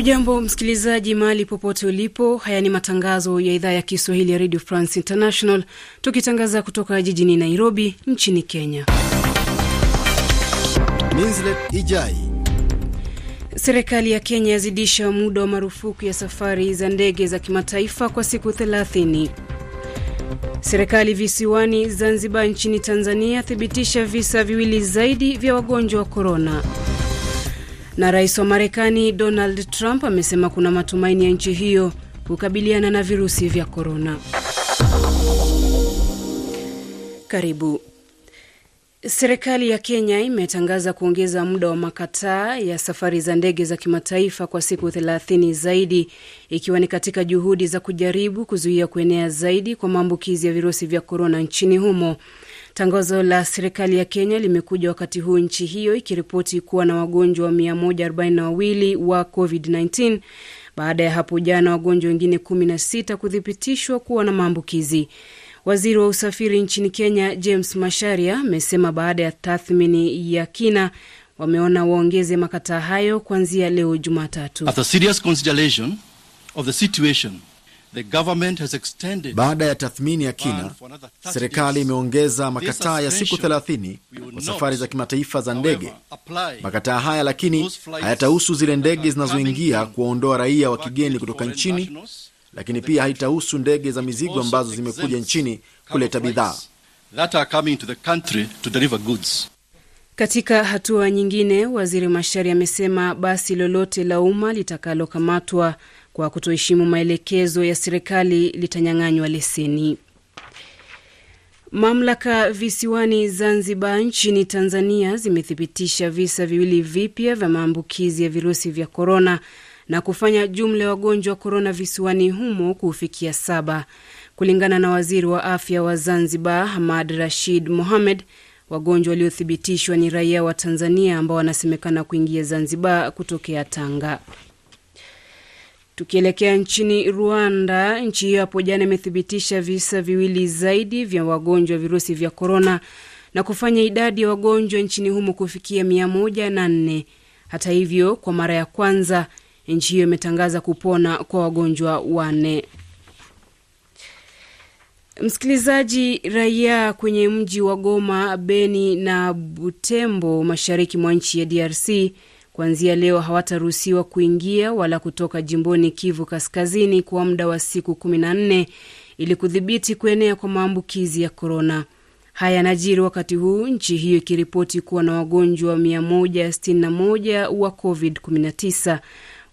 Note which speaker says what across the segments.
Speaker 1: Hujambo msikilizaji, mahali popote ulipo. Haya ni matangazo ya idhaa ya Kiswahili ya Radio France International, tukitangaza kutoka jijini Nairobi nchini Kenya. Ijai. Serikali ya Kenya yazidisha muda wa marufuku ya safari za ndege za kimataifa kwa siku 30. Serikali visiwani Zanzibar nchini Tanzania thibitisha visa viwili zaidi vya wagonjwa wa korona. Na rais wa Marekani Donald Trump amesema kuna matumaini ya nchi hiyo kukabiliana na virusi vya korona. Karibu. Serikali ya Kenya imetangaza kuongeza muda wa makataa ya safari za ndege za kimataifa kwa siku 30 zaidi, ikiwa ni katika juhudi za kujaribu kuzuia kuenea zaidi kwa maambukizi ya virusi vya korona nchini humo. Tangazo la serikali ya Kenya limekuja wakati huu nchi hiyo ikiripoti kuwa na wagonjwa 142 wa COVID-19 baada ya hapo jana wagonjwa wengine 16 kuthibitishwa kuwa na maambukizi. Waziri wa usafiri nchini Kenya James Masharia amesema baada ya tathmini ya kina wameona waongeze makataa hayo kuanzia leo Jumatatu.
Speaker 2: Baada ya tathmini ya kina, serikali imeongeza makataa ya siku 30 kwa safari za kimataifa za ndege. Makataa haya lakini hayatahusu zile ndege zinazoingia kuwaondoa raia wa kigeni kutoka nchini lakini pia haitahusu ndege za mizigo ambazo zimekuja nchini kuleta bidhaa.
Speaker 1: Katika hatua nyingine, waziri Mashari amesema basi lolote la umma litakalokamatwa kwa kutoheshimu maelekezo ya serikali litanyang'anywa leseni. Mamlaka visiwani Zanzibar nchini Tanzania zimethibitisha visa viwili vipya vya maambukizi ya virusi vya korona na kufanya jumla ya wagonjwa wa korona visiwani humo kufikia saba. Kulingana na waziri wa afya wa Zanzibar, Hamad Rashid Mohamed, wagonjwa waliothibitishwa ni raia wa Tanzania ambao wanasemekana kuingia Zanzibar kutokea Tanga. Tukielekea nchini Rwanda, nchi hiyo hapo jana imethibitisha visa viwili zaidi vya wagonjwa wa virusi vya korona na kufanya idadi ya wagonjwa nchini humo kufikia mia moja na nne. Hata hivyo, kwa mara ya kwanza Nchi hiyo imetangaza kupona kwa wagonjwa wanne. Msikilizaji, raia kwenye mji wa Goma, Beni na Butembo, mashariki mwa nchi ya DRC, kuanzia leo hawataruhusiwa kuingia wala kutoka jimboni Kivu Kaskazini kwa muda wa siku 14 ili kudhibiti kuenea kwa maambukizi ya korona. Haya yanajiri wakati huu nchi hiyo ikiripoti kuwa na wagonjwa 161 wa COVID-19.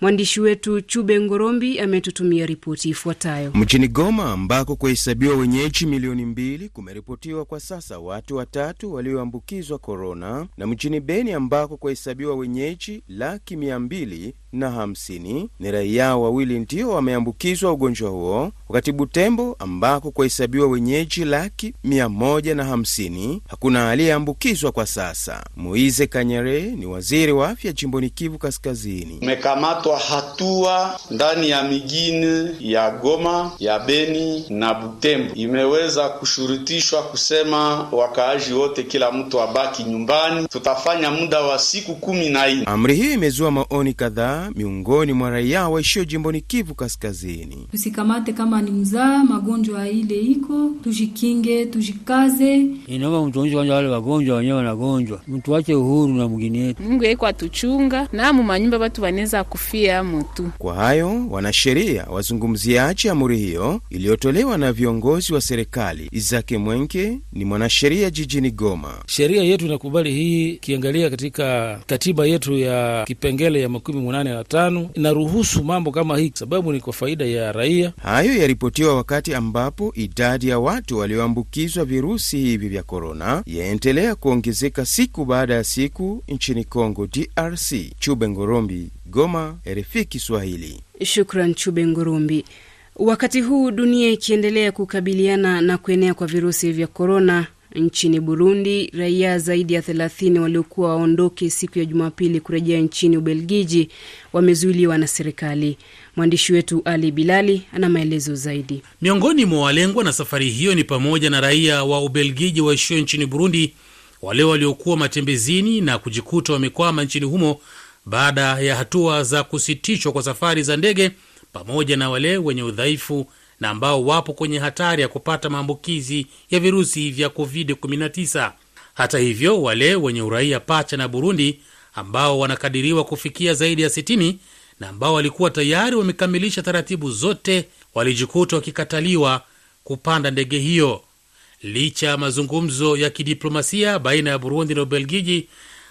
Speaker 1: Mwandishi wetu Chube Ngorombi ametutumia ripoti ifuatayo.
Speaker 3: Mjini Goma ambako kuhesabiwa wenyeji milioni mbili kumeripotiwa kwa sasa watu watatu walioambukizwa korona, na mjini Beni ambako kuhesabiwa wenyeji laki mia mbili na hamsini ni raia wawili ndio wameambukizwa ugonjwa huo, wakati Butembo ambako kwahesabiwa wenyeji laki mia moja na hamsini hakuna aliyeambukizwa kwa sasa. moise Kanyere ni waziri wa afya jimboni Kivu Kaskazini. Umekamatwa hatua ndani ya migini ya Goma, ya Beni na Butembo, imeweza kushurutishwa kusema wakaaji wote, kila mtu abaki nyumbani, tutafanya muda wa siku kumi na nne. Amri hiyo imezua maoni kadhaa miongoni mwa raia waishio jimboni Kivu Kaskazini.
Speaker 1: Tusikamate kama ni mzaa, magonjwa ile iko, tujikinge, tujikaze.
Speaker 3: Inaomba mtuonyeshe kwanza wale wagonjwa wenyewe wanagonjwa, wache uhuru na mgini yetu
Speaker 1: Mungu yaiko atuchunga na mumanyumba watu wanaweza kufia mutu.
Speaker 3: Kwa hayo wanasheria wazungumziache amuri hiyo iliyotolewa na viongozi wa serikali. Izake Mwenke ni mwanasheria jijini Goma.
Speaker 4: Sheria yetu inakubali hii, kiangalia katika katiba yetu ya kipengele ya makumi munane nane na tano inaruhusu mambo kama hii, sababu ni kwa faida ya raia.
Speaker 3: Hayo yaripotiwa wakati ambapo idadi ya watu walioambukizwa virusi hivi vya korona yaendelea kuongezeka siku baada ya siku nchini Kongo DRC. Chube Ngorombi, Goma, RFI Kiswahili.
Speaker 1: Shukran Chube Ngorombi. Wakati huu dunia ikiendelea kukabiliana na kuenea kwa virusi vya korona Nchini Burundi, raia zaidi ya thelathini waliokuwa waondoke siku ya Jumapili kurejea nchini Ubelgiji wamezuiliwa na serikali. Mwandishi wetu Ali Bilali ana maelezo zaidi.
Speaker 4: Miongoni mwa walengwa na safari hiyo ni pamoja na raia wa Ubelgiji waishio nchini Burundi, wale waliokuwa matembezini na kujikuta wamekwama nchini humo baada ya hatua za kusitishwa kwa safari za ndege, pamoja na wale wenye udhaifu na ambao wapo kwenye hatari ya kupata maambukizi ya virusi vya COVID-19. Hata hivyo, wale wenye uraia pacha na Burundi ambao wanakadiriwa kufikia zaidi ya 60 na ambao walikuwa tayari wamekamilisha taratibu zote walijikuta wakikataliwa kupanda ndege hiyo licha ya mazungumzo ya kidiplomasia baina ya Burundi na Ubelgiji.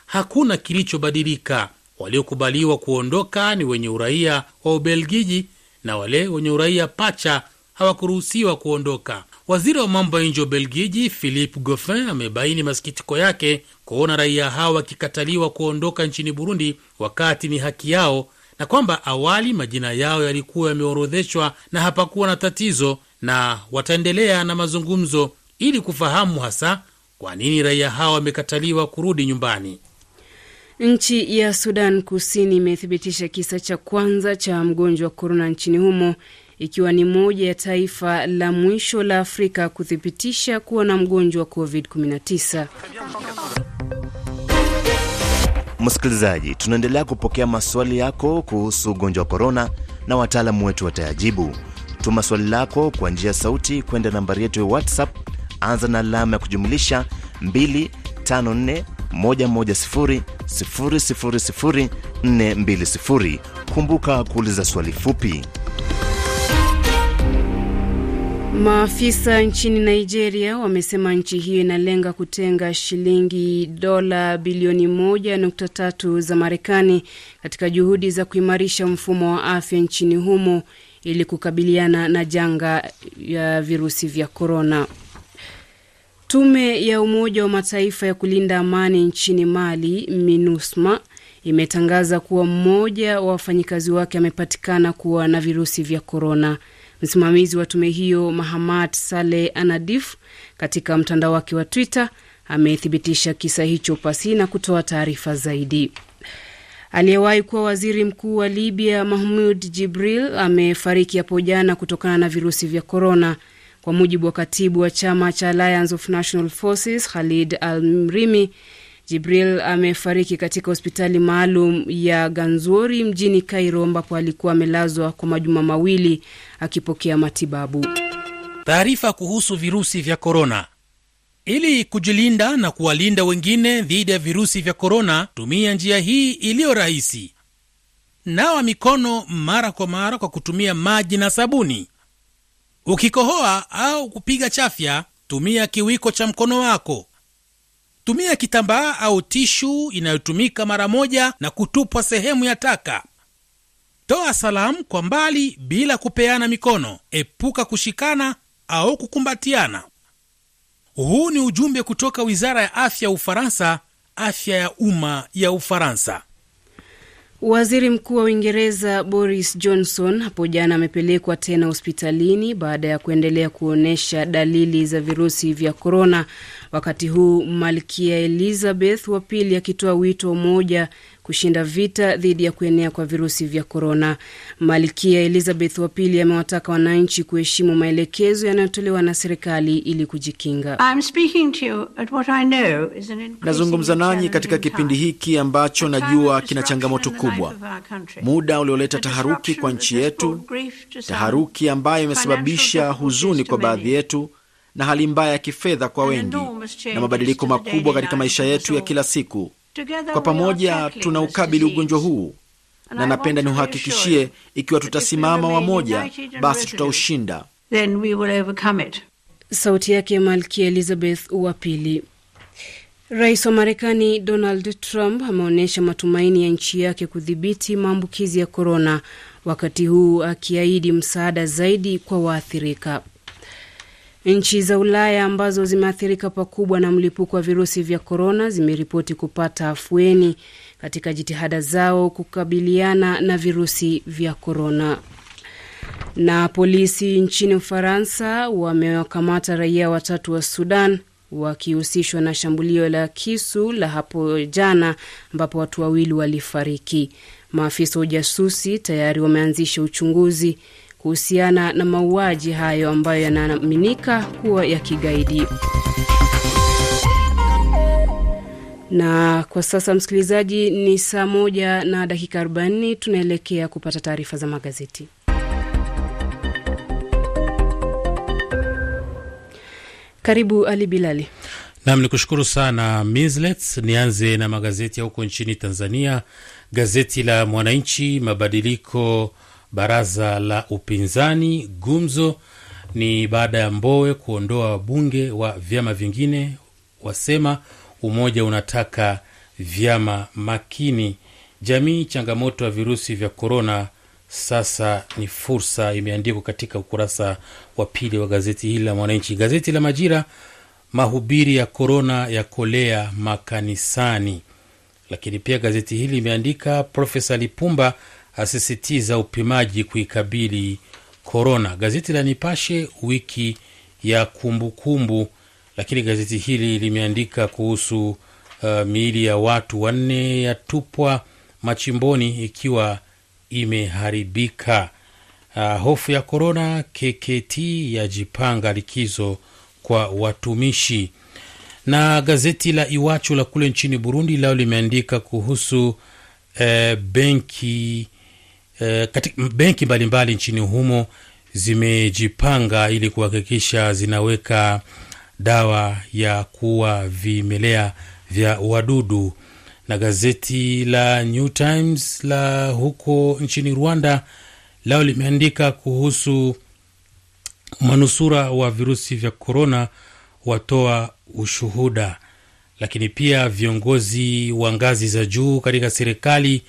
Speaker 4: Hakuna kilichobadilika. Waliokubaliwa kuondoka ni wenye uraia wa Ubelgiji na wale wenye uraia pacha hawakuruhusiwa kuondoka. Waziri wa mambo ya nje wa Belgiji Philippe Goffin amebaini masikitiko yake kuona raia hao wakikataliwa kuondoka nchini Burundi wakati ni haki yao, na kwamba awali majina yao yalikuwa yameorodheshwa na hapakuwa na tatizo, na wataendelea na mazungumzo ili kufahamu hasa kwa nini raia hao wamekataliwa kurudi nyumbani.
Speaker 1: Nchi ya Sudan Kusini imethibitisha kisa cha kwanza cha mgonjwa wa korona nchini humo ikiwa ni moja ya taifa la mwisho la Afrika kuthibitisha kuwa na mgonjwa wa COVID-19.
Speaker 2: Msikilizaji, tunaendelea kupokea maswali yako kuhusu ugonjwa wa korona na wataalamu wetu watayajibu. Tuma swali lako kwa njia sauti kwenda nambari yetu ya WhatsApp, anza na alama ya kujumlisha 420. Kumbuka kuuliza swali fupi.
Speaker 1: Maafisa nchini Nigeria wamesema nchi hiyo inalenga kutenga shilingi dola bilioni 1.3 za Marekani katika juhudi za kuimarisha mfumo wa afya nchini humo ili kukabiliana na janga ya virusi vya korona. Tume ya Umoja wa Mataifa ya kulinda amani nchini Mali, MINUSMA, imetangaza kuwa mmoja wa wafanyikazi wake amepatikana kuwa na virusi vya korona. Msimamizi wa tume hiyo Mahamad Saleh Anadif katika mtandao wake wa Twitter amethibitisha kisa hicho pasi na kutoa taarifa zaidi. Aliyewahi kuwa waziri mkuu wa Libya Mahmud Jibril amefariki hapo jana kutokana na virusi vya korona, kwa mujibu wa katibu wa chama cha Alliance of National Forces Khalid Al Mrimi. Jibril amefariki katika hospitali maalum ya Ganzuri mjini cairo ambapo alikuwa amelazwa kwa majuma mawili akipokea matibabu. Taarifa kuhusu
Speaker 4: virusi vya korona. Ili kujilinda na kuwalinda wengine dhidi ya virusi vya korona, tumia njia hii iliyo rahisi: nawa mikono mara kwa mara kwa kutumia maji na sabuni. Ukikohoa au kupiga chafya, tumia kiwiko cha mkono wako tumia kitambaa au tishu inayotumika mara moja na kutupwa sehemu ya taka. Toa salamu kwa mbali bila kupeana mikono. Epuka kushikana au kukumbatiana. Huu ni ujumbe kutoka wizara ya afya ya Ufaransa, afya ya umma ya Ufaransa.
Speaker 1: Waziri Mkuu wa Uingereza Boris Johnson hapo jana amepelekwa tena hospitalini baada ya kuendelea kuonyesha dalili za virusi vya korona, wakati huu Malkia Elizabeth wa pili akitoa wito moja kushinda vita dhidi ya kuenea kwa virusi vya korona. Malkia Elizabeth wa pili amewataka wananchi kuheshimu maelekezo yanayotolewa na serikali ili kujikinga. Nazungumza nanyi katika
Speaker 2: kipindi hiki ambacho najua kina changamoto kubwa, muda ulioleta taharuki kwa nchi yetu,
Speaker 3: taharuki
Speaker 2: ambayo imesababisha huzuni kwa baadhi yetu na hali mbaya ya kifedha kwa wengi
Speaker 5: na mabadiliko makubwa katika maisha yetu
Speaker 2: ya kila siku.
Speaker 1: Kwa pamoja tuna ukabili
Speaker 2: ugonjwa huu,
Speaker 1: na napenda niuhakikishie,
Speaker 2: ikiwa tutasimama wamoja, basi tutaushinda.
Speaker 1: Sauti yake Malkia Elizabeth wa Pili. Rais wa Marekani Donald Trump ameonyesha matumaini ya nchi yake kudhibiti maambukizi ya korona, wakati huu akiahidi msaada zaidi kwa waathirika. Nchi za Ulaya ambazo zimeathirika pakubwa na mlipuko wa virusi vya korona zimeripoti kupata afueni katika jitihada zao kukabiliana na virusi vya korona. Na polisi nchini Ufaransa wamewakamata raia watatu wa Sudan wakihusishwa na shambulio la kisu la hapo jana ambapo watu wawili walifariki. Maafisa wa ujasusi tayari wameanzisha uchunguzi kuhusiana na mauaji hayo ambayo yanaaminika kuwa ya kigaidi. Na kwa sasa msikilizaji, ni saa moja na dakika 40 tunaelekea kupata taarifa za magazeti. Karibu Ali Bilali.
Speaker 4: Nam ni kushukuru sana mislet Nianze na magazeti ya huko nchini Tanzania. Gazeti la Mwananchi, mabadiliko baraza la upinzani gumzo ni baada ya mbowe kuondoa wabunge wa vyama vingine wasema umoja unataka vyama makini jamii changamoto ya virusi vya korona sasa ni fursa imeandikwa katika ukurasa wa pili wa gazeti hili la mwananchi gazeti la majira mahubiri ya korona ya kolea makanisani lakini pia gazeti hili imeandika profesa lipumba asisitiza upimaji kuikabili korona. Gazeti la Nipashe wiki ya kumbukumbu kumbu, lakini gazeti hili limeandika kuhusu uh, miili ya watu wanne yatupwa machimboni ikiwa imeharibika. Uh, hofu ya korona, KKT yajipanga likizo kwa watumishi. Na gazeti la Iwachu la kule nchini Burundi lao limeandika kuhusu eh, benki Eh, katika benki mbalimbali nchini humo zimejipanga ili kuhakikisha zinaweka dawa ya kuwa vimelea vya wadudu. Na gazeti la New Times la huko nchini Rwanda lao limeandika kuhusu manusura wa virusi vya korona watoa ushuhuda, lakini pia viongozi wa ngazi za juu katika serikali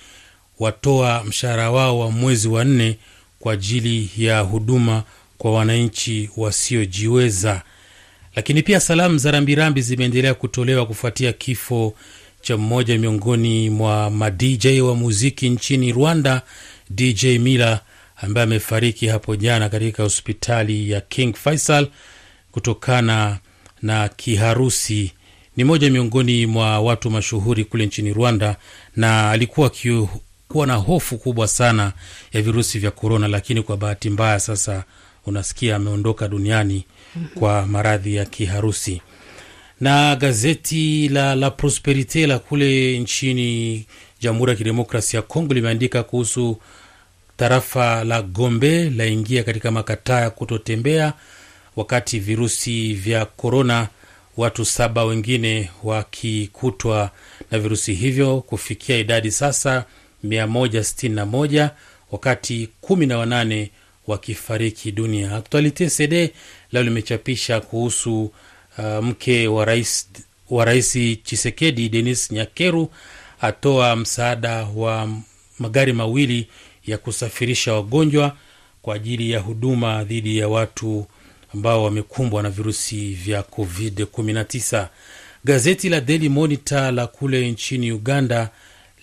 Speaker 4: watoa mshahara wao wa mwezi wa nne kwa ajili ya huduma kwa wananchi wasiojiweza. Lakini pia salamu za rambirambi zimeendelea kutolewa kufuatia kifo cha mmoja miongoni mwa madj wa muziki nchini Rwanda, DJ Mila ambaye amefariki hapo jana katika hospitali ya King Faisal kutokana na kiharusi. Ni mmoja miongoni mwa watu mashuhuri kule nchini Rwanda na alikuwa kuwa na hofu kubwa sana ya virusi vya korona, lakini kwa bahati mbaya sasa unasikia ameondoka duniani kwa maradhi ya kiharusi. Na gazeti la La Prosperite la kule nchini Jamhuri ya Kidemokrasi ya Kongo limeandika kuhusu tarafa la Gombe laingia katika makataa ya kutotembea wakati virusi vya korona, watu saba wengine wakikutwa na virusi hivyo kufikia idadi sasa 161 wakati 18 wakifariki dunia aktualite cd leo limechapisha kuhusu uh, mke wa rais wa rais chisekedi denis nyakeru atoa msaada wa magari mawili ya kusafirisha wagonjwa kwa ajili ya huduma dhidi ya watu ambao wamekumbwa na virusi vya covid-19 gazeti la daily monitor la kule nchini uganda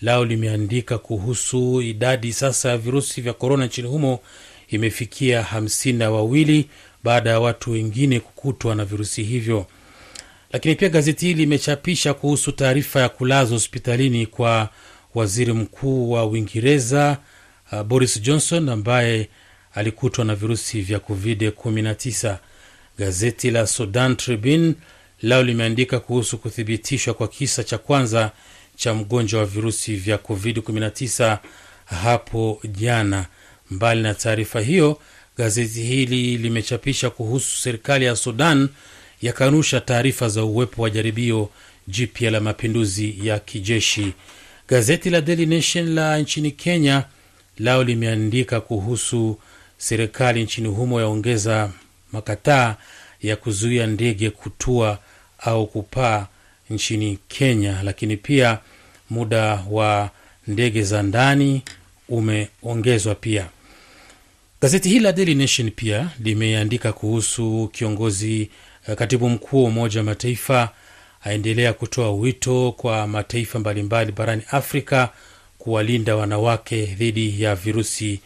Speaker 4: lao limeandika kuhusu idadi sasa ya virusi vya korona nchini humo imefikia hamsini na wawili baada ya watu wengine kukutwa na virusi hivyo lakini pia gazeti hili limechapisha kuhusu taarifa ya kulazwa hospitalini kwa waziri mkuu wa uingereza uh, boris johnson ambaye alikutwa na virusi vya covid-19 gazeti la sudan tribune lao limeandika kuhusu kuthibitishwa kwa kisa cha kwanza cha mgonjwa wa virusi vya covid-19 hapo jana mbali na taarifa hiyo gazeti hili limechapisha kuhusu serikali ya sudan yakanusha taarifa za uwepo wa jaribio jipya la mapinduzi ya kijeshi gazeti la Daily Nation la nchini kenya lao limeandika kuhusu serikali nchini humo yaongeza makataa ya kuzuia ndege kutua au kupaa nchini kenya lakini pia muda wa ndege za ndani umeongezwa pia gazeti hili la daily nation pia limeandika kuhusu kiongozi eh, katibu mkuu wa umoja wa mataifa aendelea kutoa wito kwa mataifa mbalimbali barani afrika kuwalinda wanawake dhidi ya virusi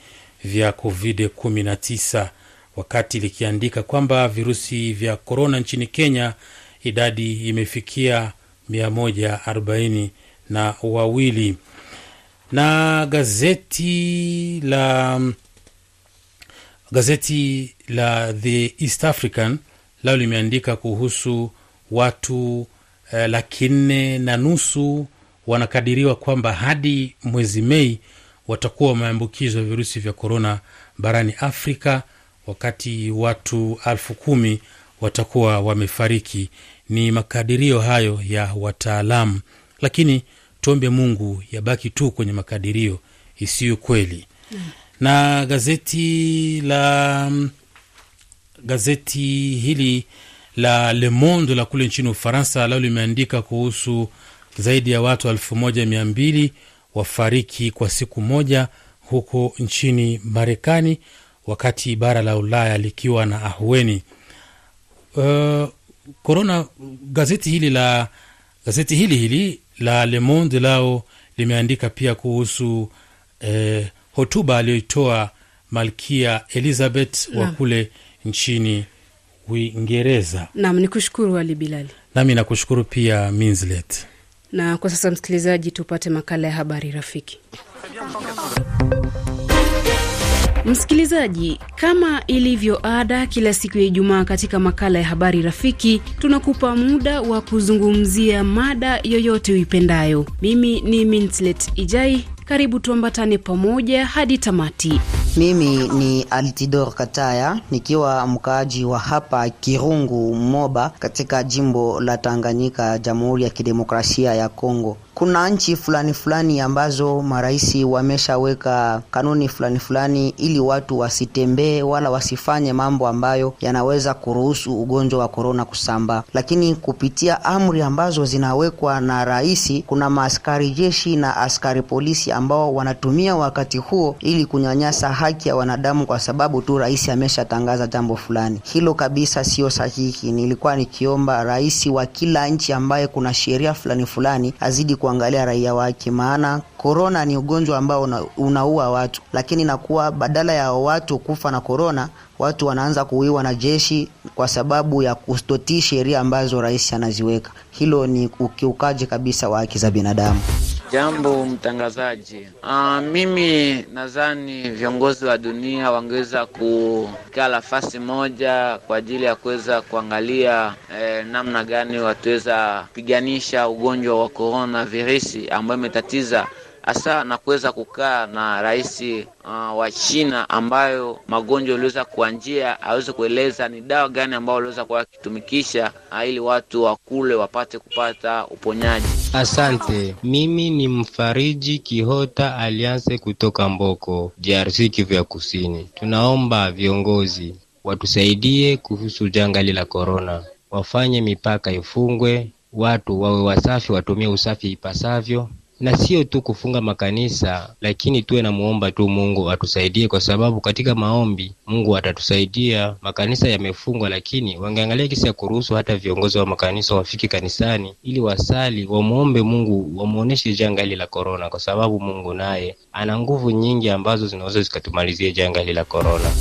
Speaker 4: vya covid 19 wakati likiandika kwamba virusi vya korona nchini kenya idadi imefikia arobaini na wawili na gazeti la gazeti la the east african lao limeandika kuhusu watu eh, laki nne na nusu wanakadiriwa kwamba hadi mwezi mei watakuwa wameambukizwa virusi vya korona barani afrika wakati watu alfu kumi watakuwa wamefariki. Ni makadirio hayo ya wataalamu, lakini tuombe Mungu yabaki tu kwenye makadirio isiyo kweli na gazeti la gazeti hili la Le Monde la kule nchini Ufaransa lao limeandika kuhusu zaidi ya watu elfu moja mia mbili wafariki kwa siku moja huko nchini Marekani, wakati bara la Ulaya likiwa na ahueni korona. Uh, gazeti hili la gazeti hili hili la Le Monde lao limeandika pia kuhusu eh, hotuba aliyoitoa malkia Elizabeth wa kule nchini Uingereza.
Speaker 1: Nam ni kushukuru Ali Bilali,
Speaker 4: nami nakushukuru pia Minslet.
Speaker 1: Na kwa sasa, msikilizaji, tupate makala ya habari rafiki Msikilizaji, kama ilivyo ada, kila siku ya Ijumaa katika makala ya habari rafiki, tunakupa muda wa kuzungumzia mada yoyote uipendayo. Mimi ni Minslet Ijai, karibu tuambatane pamoja hadi tamati.
Speaker 6: Mimi ni Altidor Kataya nikiwa mkaaji wa hapa Kirungu Moba katika jimbo la Tanganyika, Jamhuri ya Kidemokrasia ya Kongo kuna nchi fulani fulani ambazo marais wameshaweka kanuni fulani fulani ili watu wasitembee wala wasifanye mambo ambayo yanaweza kuruhusu ugonjwa wa korona kusambaa, lakini kupitia amri ambazo zinawekwa na rais, kuna maaskari jeshi na askari polisi ambao wanatumia wakati huo ili kunyanyasa haki ya wanadamu kwa sababu tu rais ameshatangaza jambo fulani. Hilo kabisa sio sahihi. Nilikuwa nikiomba rais wa kila nchi ambaye kuna sheria fulani fulani azidi kwa kuangalia raia wake, maana korona ni ugonjwa ambao unaua watu, lakini nakuwa badala ya watu kufa na korona, watu wanaanza kuuiwa na jeshi kwa sababu ya kutotii sheria ambazo rais anaziweka. Hilo ni ukiukaji kabisa wa haki za binadamu.
Speaker 7: Jambo mtangazaji. Aa, ah, mimi nadhani viongozi wa dunia wangeweza kukaa nafasi moja kwa ajili ya kuweza kuangalia eh, namna gani wataweza piganisha ugonjwa wa korona virusi ambayo imetatiza hasa na kuweza kukaa na rais uh, wa China ambayo magonjwa yaliweza kuanjia, aweze kueleza ni dawa gani ambayo waliweza kuwa uh, ili watu wakule wapate kupata uponyaji.
Speaker 3: Asante, mimi ni mfariji Kihota Alianse kutoka Mboko, DRC, Kivu ya Kusini. Tunaomba viongozi watusaidie kuhusu janga la korona, wafanye mipaka ifungwe, watu wawe wasafi, watumie usafi ipasavyo na sio tu kufunga makanisa, lakini tuwe muomba tu Mungu atusaidie, kwa sababu katika maombi Mungu atatusaidia. Makanisa yamefungwa, lakini wangeangalia kisi ya kuruhusu hata viongozi wa makanisa wafike kanisani ili wasali, wamwombe Mungu, wamwonyeshe janga hili la korona, kwa sababu Mungu naye ana nguvu nyingi ambazo zinaweza zikatumalizia janga hili la korona.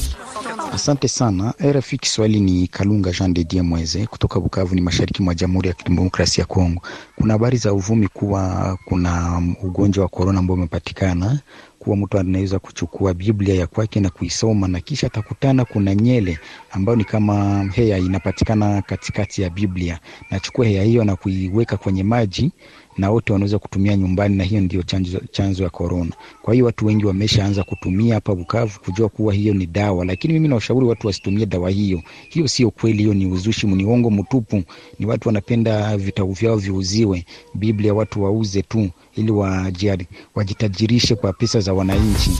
Speaker 5: Asante sana RFI Kiswahili. Ni Kalunga Jean de Dieu Mweze kutoka Bukavu, ni mashariki mwa Jamhuri ya Kidemokrasia ya Kongo. Kuna habari za uvumi kuwa kuna ugonjwa wa korona ambao umepatikana kuwa mtu anaweza kuchukua Biblia ya kwake na kuisoma na kisha atakutana kuna nyele ambayo ni kama hea inapatikana katikati ya Biblia. Nachukua hea hiyo na kuiweka kwenye maji na wote wanaweza kutumia nyumbani, na hiyo ndio chanzo, chanzo ya korona. Kwa hiyo watu wengi wameshaanza kutumia hapa Bukavu kujua kuwa hiyo ni dawa, lakini mimi nawashauri watu wasitumie dawa hiyo. Hiyo sio kweli, hiyo ni uzushi, ni uongo mtupu. Ni watu wanapenda vitabu vyao viuziwe, Biblia watu wauze tu ili wajitajirishe kwa pesa za wananchi.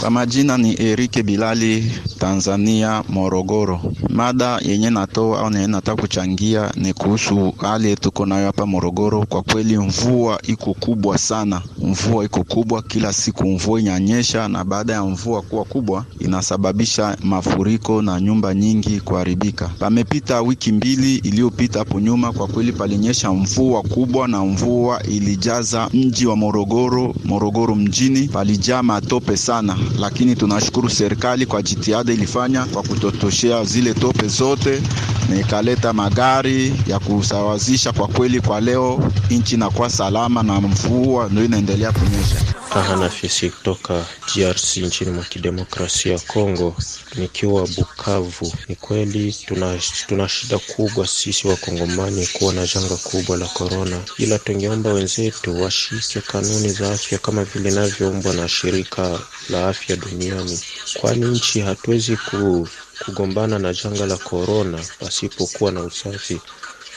Speaker 2: Kwa majina ni Erike Bilali, Tanzania, Morogoro. Mada yenye natoa au yenye nataka kuchangia ni kuhusu hali tuko nayo hapa Morogoro. Kwa kweli mvua iko kubwa sana, mvua iko kubwa, kila siku mvua inanyesha, na baada ya mvua kuwa kubwa inasababisha mafuriko na nyumba nyingi kuharibika. Pamepita wiki mbili iliyopita hapo nyuma, kwa kweli palinyesha mvua kubwa, na mvua ilijaza mji wa Morogoro, Morogoro mjini palijaa matope sana sana, lakini tunashukuru serikali kwa jitihada ilifanya kwa kutotoshea zile tope zote na ikaleta magari ya kusawazisha. Kwa kweli, kwa leo nchi inakuwa salama na mvua ndio inaendelea kunyesha.
Speaker 8: Tahana kutoka DRC nchini mwa kidemokrasia ya Kongo, nikiwa Bukavu. Ni kweli tuna, tuna shida kubwa sisi Wakongomani kuwa na janga kubwa la korona, ila tungeomba wenzetu washike kanuni za afya kama vile inavyoombwa na shirika la afya duniani, kwani nchi hatuwezi ku, kugombana na janga la korona pasipokuwa na usafi.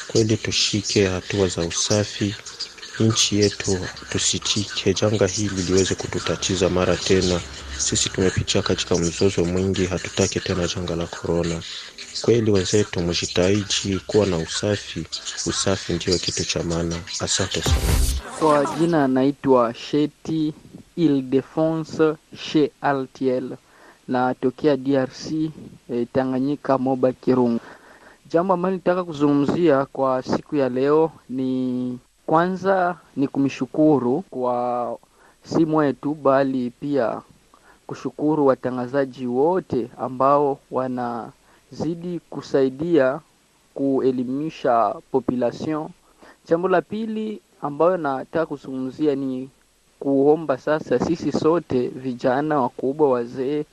Speaker 8: Kweli tushike hatua za usafi nchi yetu, tusitike janga hili liweze kututatiza mara tena. Sisi tumepitia katika mzozo mwingi, hatutaki tena janga la korona. Kweli wenzetu, mshitaiji kuwa na usafi. Usafi ndiyo kitu cha maana. Asante sana.
Speaker 7: Kwa jina anaitwa Sheti defense She Altiel, natokea DRC, eh, Tanganyika, Moba Kirungu. Jambo ambalo nitaka kuzungumzia kwa siku ya leo ni kwanza ni kumshukuru kwa simu yetu bali pia kushukuru watangazaji wote ambao wanazidi kusaidia kuelimisha population. Jambo la pili ambayo nataka kuzungumzia ni kuomba sasa sisi sote vijana, wakubwa, wazee,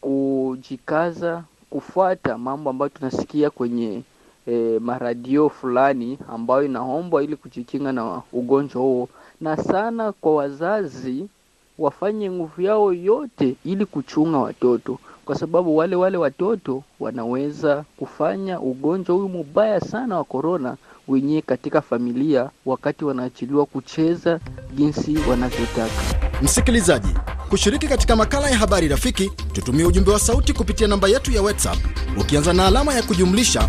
Speaker 7: kujikaza kufuata mambo ambayo tunasikia kwenye e, maradio fulani ambayo inaombwa ili kujikinga na ugonjwa huo, na sana kwa wazazi wafanye nguvu yao yote ili kuchunga watoto, kwa sababu wale wale watoto wanaweza kufanya ugonjwa huu mubaya sana wa korona wenyewe katika familia, wakati wanaachiliwa kucheza jinsi wanavyotaka.
Speaker 2: Msikilizaji, kushiriki katika makala ya habari rafiki, tutumie ujumbe wa sauti kupitia namba yetu ya WhatsApp ukianza na alama ya kujumlisha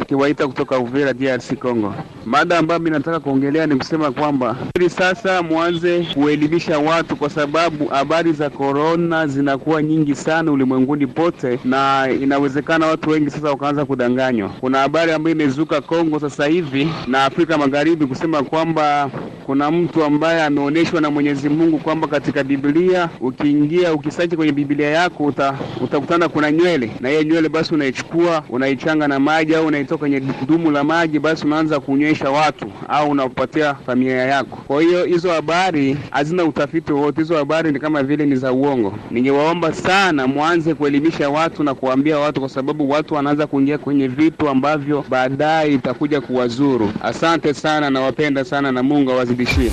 Speaker 8: nikiwaita kutoka Uvira, DRC Congo. Mada ambayo mimi nataka kuongelea ni kusema kwamba ili sasa mwanze kuelimisha watu, kwa sababu habari za korona zinakuwa nyingi sana ulimwenguni pote, na inawezekana watu wengi sasa wakaanza kudanganywa. Kuna habari ambayo imezuka Kongo sasa hivi na Afrika Magharibi kusema kwamba kuna mtu ambaye ameonyeshwa na Mwenyezi Mungu kwamba katika Biblia ukiingia ukisachi kwenye Biblia yako uta, utakutana kuna nywele na hiyo nywele basi unaichukua unaichanga na maji au kwenye dumu la maji, basi unaanza kunywesha watu au unapatia familia yako. Kwa hiyo hizo habari hazina utafiti wowote, hizo habari ni kama vile ni za uongo. Ningewaomba sana mwanze kuelimisha watu na kuambia watu, kwa sababu watu wanaanza kuingia kwenye vitu ambavyo baadaye itakuja kuwazuru. Asante sana, nawapenda sana na Mungu awazidishie.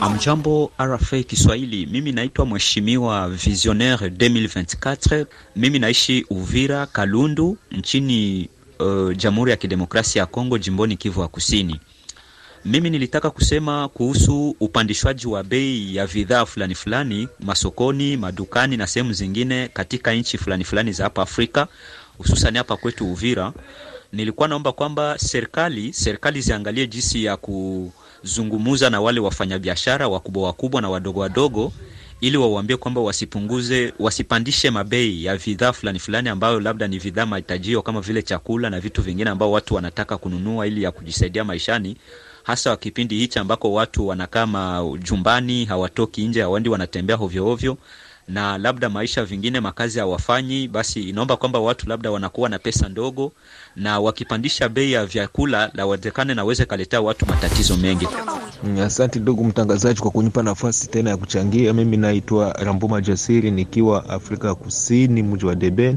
Speaker 5: Amjambo RFA Kiswahili, mimi naitwa Mheshimiwa Visionnaire 2024. Mimi naishi Uvira Kalundu nchini uh, Jamhuri ya Kidemokrasia ya Kongo jimboni Kivu ya Kusini. Mimi nilitaka kusema kuhusu upandishwaji wa bei ya bidhaa fulani fulani masokoni, madukani na sehemu zingine katika nchi fulani fulani za hapa Afrika, hususani hapa kwetu Uvira. Nilikuwa naomba kwamba serikali serikali ziangalie jinsi ya kuzungumuza na wale wafanyabiashara wakubwa wakubwa na wadogo wadogo ili wawambie kwamba wasipunguze, wasipandishe mabei ya bidhaa fulani fulani, ambayo labda ni bidhaa mahitajio kama vile chakula na vitu vingine ambao watu wanataka kununua ili ya kujisaidia maishani, hasa wa kipindi hichi ambako watu wanakaa majumbani, hawatoki nje, hawandi wanatembea hovyohovyo hovyo na labda maisha vingine makazi hawafanyi, basi inaomba kwamba watu labda wanakuwa na pesa ndogo, na wakipandisha bei ya vyakula lawezekane naweze kaletea watu matatizo mengi. Mm, asante
Speaker 8: ndugu mtangazaji kwa kunipa nafasi tena ya kuchangia. Mimi naitwa rambuma Jasiri nikiwa Afrika Kusini, mji wa deben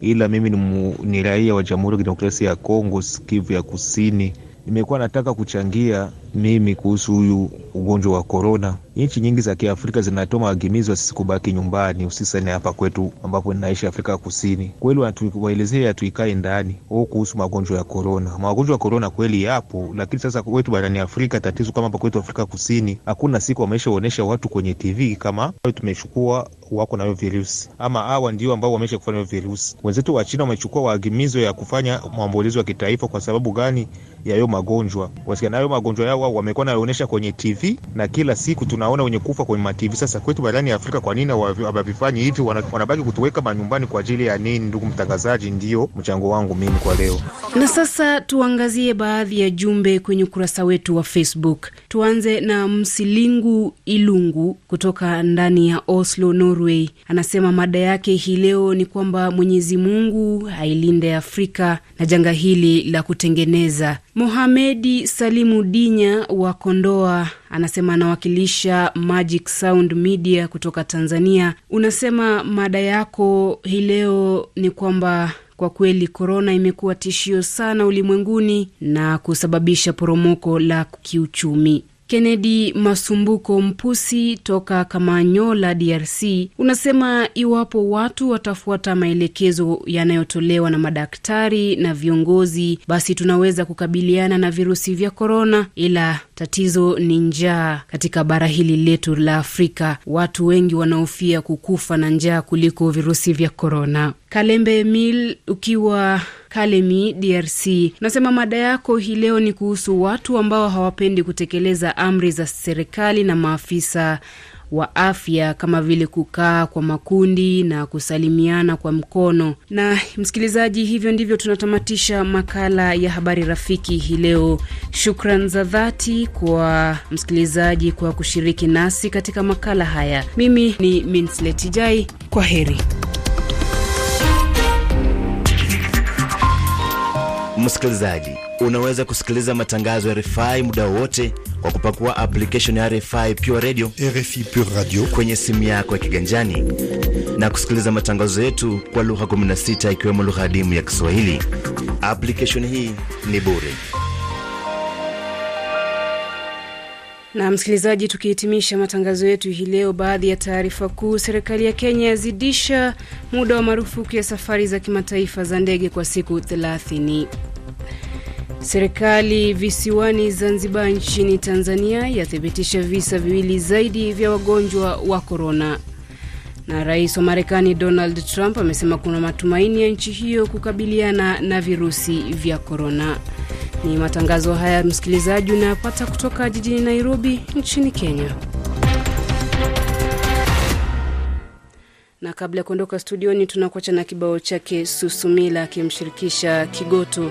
Speaker 8: ila mimi ni, mu, ni raia wa Jamhuri ya Kidemokrasia ya Kongo, Kivu ya Kusini. Nimekuwa nataka kuchangia mimi kuhusu huyu ugonjwa wa korona. Nchi nyingi za Kiafrika zinatoa maagimizo sisi kubaki nyumbani, hususani hapa kwetu ambapo ninaishi Afrika Kusini. Kweli waelezea tuikae ndani au oh, kuhusu magonjwa ya korona. Magonjwa ya korona kweli yapo, lakini sasa kwetu barani Afrika tatizo kama hapa kwetu Afrika Kusini, hakuna siku wameshaonyesha watu kwenye TV kama tumechukua wako nayo virusi ama hawa ndio ambao wamesha kufanya virusi. Wenzetu wa China wamechukua waagimizo ya kufanya maombolezo ya kitaifa. Kwa sababu gani? ya hiyo magonjwa wasikana hayo magonjwa yao hawa wamekuwa naonyesha kwenye TV na kila siku tunaona wenye kufa kwenye matv Sasa kwetu barani ya Afrika, kwa nini hawavifanyi hivi? Wanabaki kutuweka manyumbani kwa ajili ya nini? Ndugu mtangazaji, ndio mchango wangu mimi kwa leo.
Speaker 1: Na sasa tuangazie baadhi ya jumbe kwenye ukurasa wetu wa Facebook. Tuanze na Msilingu Ilungu kutoka ndani ya Oslo, Norway. Anasema mada yake hii leo ni kwamba Mwenyezi Mungu ailinde Afrika na janga hili la kutengeneza Mohamedi Salimu Dinya wa Kondoa anasema anawakilisha Magic Sound Media kutoka Tanzania. Unasema mada yako hii leo ni kwamba kwa kweli korona imekuwa tishio sana ulimwenguni na kusababisha poromoko la kiuchumi. Kennedy Masumbuko Mpusi toka Kamanyola, DRC, unasema iwapo watu watafuata maelekezo yanayotolewa na madaktari na viongozi, basi tunaweza kukabiliana na virusi vya korona, ila tatizo ni njaa katika bara hili letu la Afrika. Watu wengi wanaofia kukufa na njaa kuliko virusi vya korona. Kalembe Emil ukiwa Kalemi, DRC, unasema mada yako hii leo ni kuhusu watu ambao hawapendi kutekeleza amri za serikali na maafisa wa afya kama vile kukaa kwa makundi na kusalimiana kwa mkono. Na msikilizaji, hivyo ndivyo tunatamatisha makala ya habari rafiki hii leo. Shukran za dhati kwa msikilizaji kwa kushiriki nasi katika makala haya. Mimi ni Minsletijai, kwa heri.
Speaker 2: msikilizaji, unaweza kusikiliza matangazo ya RFI muda wowote kwa kupakua application ya RFI Pure Radio, RFI Pure Radio kwenye simu yako ya kiganjani na kusikiliza matangazo yetu kwa lugha 16 ikiwemo lugha adimu ya Kiswahili. Application hii ni bure.
Speaker 1: Na msikilizaji, tukihitimisha matangazo yetu hii leo, baadhi ya taarifa kuu: serikali ya Kenya yazidisha muda wa marufuku ya safari za kimataifa za ndege kwa siku 30. Serikali visiwani Zanzibar nchini Tanzania yathibitisha visa viwili zaidi vya wagonjwa wa korona. Na rais wa Marekani Donald Trump amesema kuna matumaini ya nchi hiyo kukabiliana na virusi vya korona. Ni matangazo haya msikilizaji unayopata kutoka jijini Nairobi nchini Kenya. Na kabla ya kuondoka studioni, tunakuacha na kibao chake Susumila akimshirikisha Kigoto.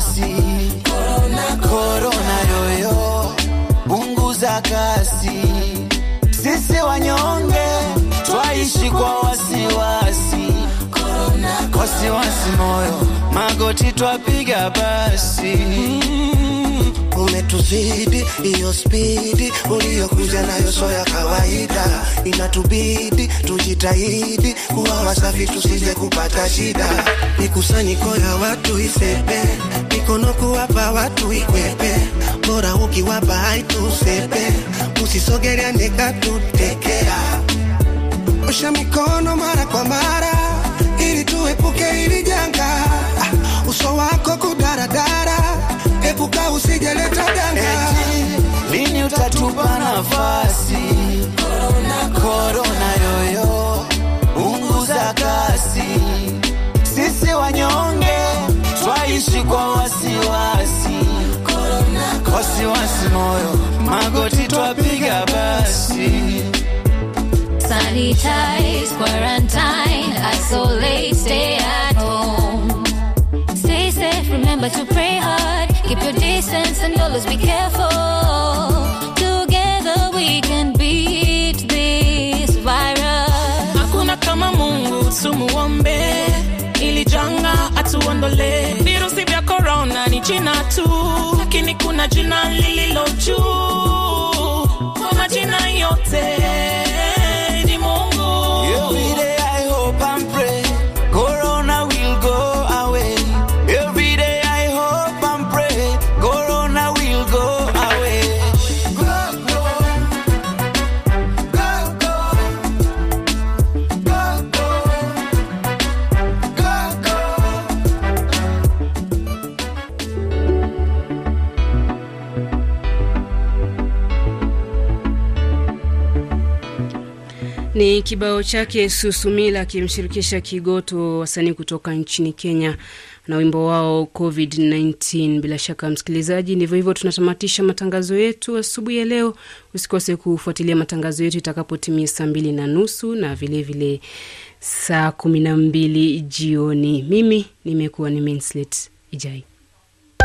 Speaker 3: basi, mm, umetuzidi hiyo spidi uliyokuja nayo, so ya kawaida, inatubidi tujitahidi kuwa wasafi tusije kupata shida. Mikusanyiko ya watu isepe, mikono kuwapa watu ikwepe, bora ukiwapa haitusepe, usisogeleane katutekea kukupa nafasi. Korona yoyo unguza kasi, sisi wanyonge twaishi kwa wasiwasi, wasiwasi moyo magoti twapiga basi Sanitize, quarantine, isolate, stay at home. Stay safe, remember to pray hard. Keep your distance and always be careful we can beat this virus. Hakuna kama Mungu, tumuombe ili janga atuondole. Virusi vya corona ni jina tu, lakini kuna jina lililo juu
Speaker 1: kibao chake Susumila akimshirikisha Kigoto, wasanii kutoka nchini Kenya na wimbo wao COVID-19. Bila shaka, msikilizaji, ndivyo hivyo tunatamatisha matangazo yetu asubuhi ya leo. Usikose kufuatilia matangazo yetu itakapotimia saa mbili na nusu na vilevile vile saa kumi na mbili jioni. Mimi nimekuwa ni Minslet Ijai.